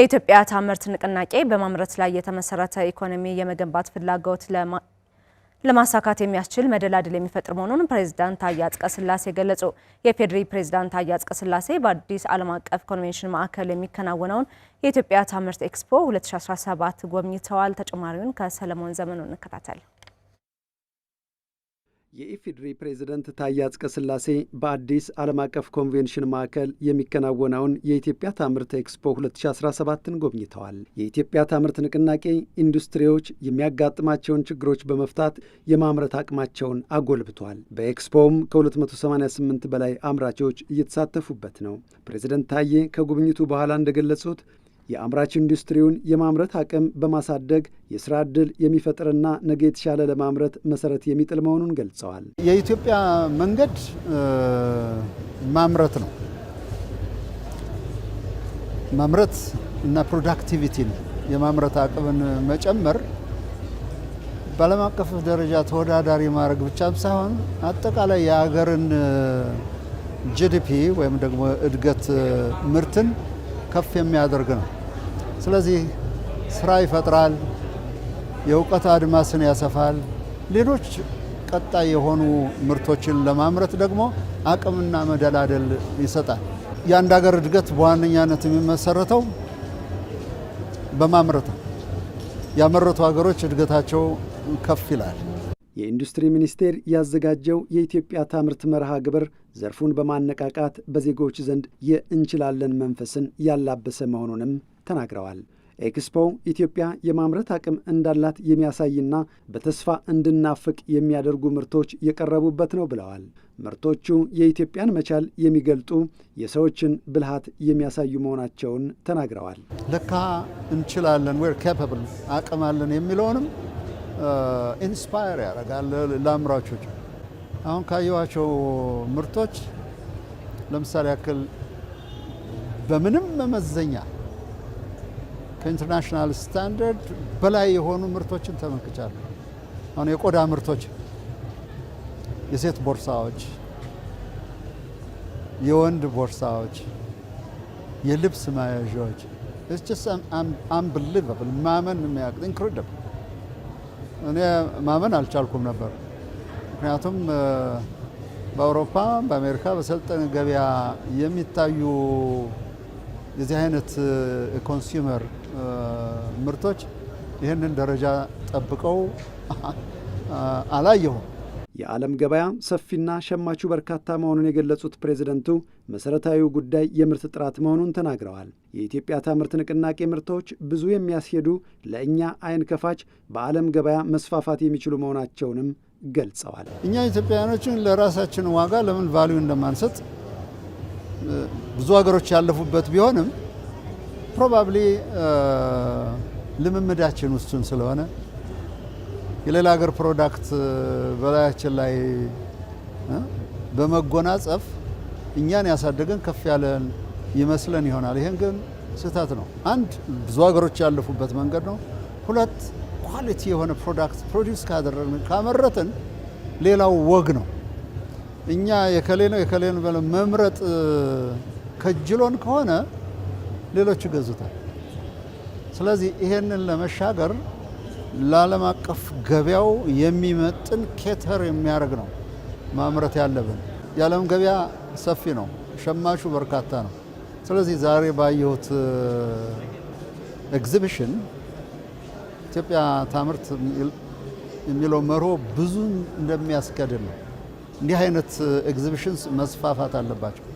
የኢትዮጵያ ታምርት ንቅናቄ በማምረት ላይ የተመሰረተ ኢኮኖሚ የመገንባት ፍላጎት ለማሳካት የሚያስችል መደላድል የሚፈጥር መሆኑን ፕሬዚዳንት ታዬ አጽቀሥላሴ ገለጹ። የፌዴሪ ፕሬዚዳንት ታዬ አጽቀሥላሴ በአዲስ ዓለም አቀፍ ኮንቬንሽን ማዕከል የሚከናወነውን የኢትዮጵያ ታምርት ኤክስፖ 2017 ጎብኝተዋል። ተጨማሪውን ከሰለሞን ዘመኑ እንከታተል። የኢፌዴሪ ፕሬዝደንት ታዬ ስላሴ በአዲስ ዓለም አቀፍ ኮንቬንሽን ማዕከል የሚከናወነውን የኢትዮጵያ ታምርት ኤክስፖ 2017ን ጎብኝተዋል። የኢትዮጵያ ታምርት ንቅናቄ ኢንዱስትሪዎች የሚያጋጥማቸውን ችግሮች በመፍታት የማምረት አቅማቸውን አጎልብቷል። በኤክስፖውም ከ288 በላይ አምራቾች እየተሳተፉበት ነው። ፕሬዝደንት ታዬ ከጉብኝቱ በኋላ እንደገለጹት የአምራች ኢንዱስትሪውን የማምረት አቅም በማሳደግ የስራ ዕድል የሚፈጥርና ነገ የተሻለ ለማምረት መሰረት የሚጥል መሆኑን ገልጸዋል። የኢትዮጵያ መንገድ ማምረት ነው። ማምረት እና ፕሮዳክቲቪቲን የማምረት አቅምን መጨመር በዓለም አቀፍ ደረጃ ተወዳዳሪ ማድረግ ብቻም ሳይሆን አጠቃላይ የሀገርን ጂዲፒ ወይም ደግሞ እድገት ምርትን ከፍ የሚያደርግ ነው። ስለዚህ ስራ ይፈጥራል፣ የእውቀት አድማስን ያሰፋል። ሌሎች ቀጣይ የሆኑ ምርቶችን ለማምረት ደግሞ አቅምና መደላደል ይሰጣል። የአንድ ሀገር እድገት በዋነኛነት የሚመሰረተው በማምረት ነው። ያመረቱ ሀገሮች እድገታቸው ከፍ ይላል። የኢንዱስትሪ ሚኒስቴር ያዘጋጀው የኢትዮጵያ ታምርት መርሃ ግብር ዘርፉን በማነቃቃት በዜጎች ዘንድ የእንችላለን መንፈስን ያላበሰ መሆኑንም ተናግረዋል። ኤክስፖ ኢትዮጵያ የማምረት አቅም እንዳላት የሚያሳይና በተስፋ እንድናፍቅ የሚያደርጉ ምርቶች የቀረቡበት ነው ብለዋል። ምርቶቹ የኢትዮጵያን መቻል የሚገልጡ የሰዎችን ብልሃት የሚያሳዩ መሆናቸውን ተናግረዋል። ለካ እንችላለን፣ ዌር ካፓብል አቅም አለን የሚለውንም ኢንስፓየር ያደርጋል ለአምራቾች። አሁን ካየኋቸው ምርቶች ለምሳሌ ያክል በምንም መመዘኛ ከኢንተርናሽናል ስታንዳርድ በላይ የሆኑ ምርቶችን ተመልክቻለሁ። አሁን የቆዳ ምርቶች፣ የሴት ቦርሳዎች፣ የወንድ ቦርሳዎች፣ የልብስ መያዣዎች አንብሊቨብል ማመን የሚያቅ ኢንክሬዲብል። እኔ ማመን አልቻልኩም ነበር። ምክንያቱም በአውሮፓ በአሜሪካ በሰልጠን ገበያ የሚታዩ የዚህ አይነት የኮንሱመር ምርቶች ይህንን ደረጃ ጠብቀው አላየሁም። የዓለም ገበያ ሰፊና ሸማቹ በርካታ መሆኑን የገለጹት ፕሬዝደንቱ መሠረታዊ ጉዳይ የምርት ጥራት መሆኑን ተናግረዋል። የኢትዮጵያ ታምርት ንቅናቄ ምርቶች ብዙ የሚያስሄዱ ለእኛ አይን ከፋች በዓለም ገበያ መስፋፋት የሚችሉ መሆናቸውንም ገልጸዋል። እኛ ኢትዮጵያውያኖችን ለራሳችን ዋጋ ለምን ቫሊዩ እንደማንሰጥ ብዙ ሀገሮች ያለፉበት ቢሆንም ፕሮባብሊ ልምምዳችን ውስን ስለሆነ የሌላ ሀገር ፕሮዳክት በላያችን ላይ በመጎናጸፍ እኛን ያሳደገን ከፍ ያለን ይመስለን ይሆናል። ይህን ግን ስህተት ነው። አንድ ብዙ ሀገሮች ያለፉበት መንገድ ነው። ሁለት ኳሊቲ የሆነ ፕሮዳክት ፕሮዲውስ ካደረግን ካመረትን ሌላው ወግ ነው። እኛ የከሌ ነው የከሌ ነው ብለን መምረጥ ከጅሎን ከሆነ ሌሎች ይገዙታል። ስለዚህ ይሄንን ለመሻገር ለዓለም አቀፍ ገበያው የሚመጥን ኬተር የሚያደርግ ነው ማምረት ያለብን። የዓለም ገበያ ሰፊ ነው፣ ሸማቹ በርካታ ነው። ስለዚህ ዛሬ ባየሁት ኤግዚቢሽን ኢትዮጵያ ታምርት የሚለው መርሆ ብዙ እንደሚያስገድል ነው። እንዲህ አይነት ኤግዚቢሽንስ uh, መስፋፋት አለባቸው።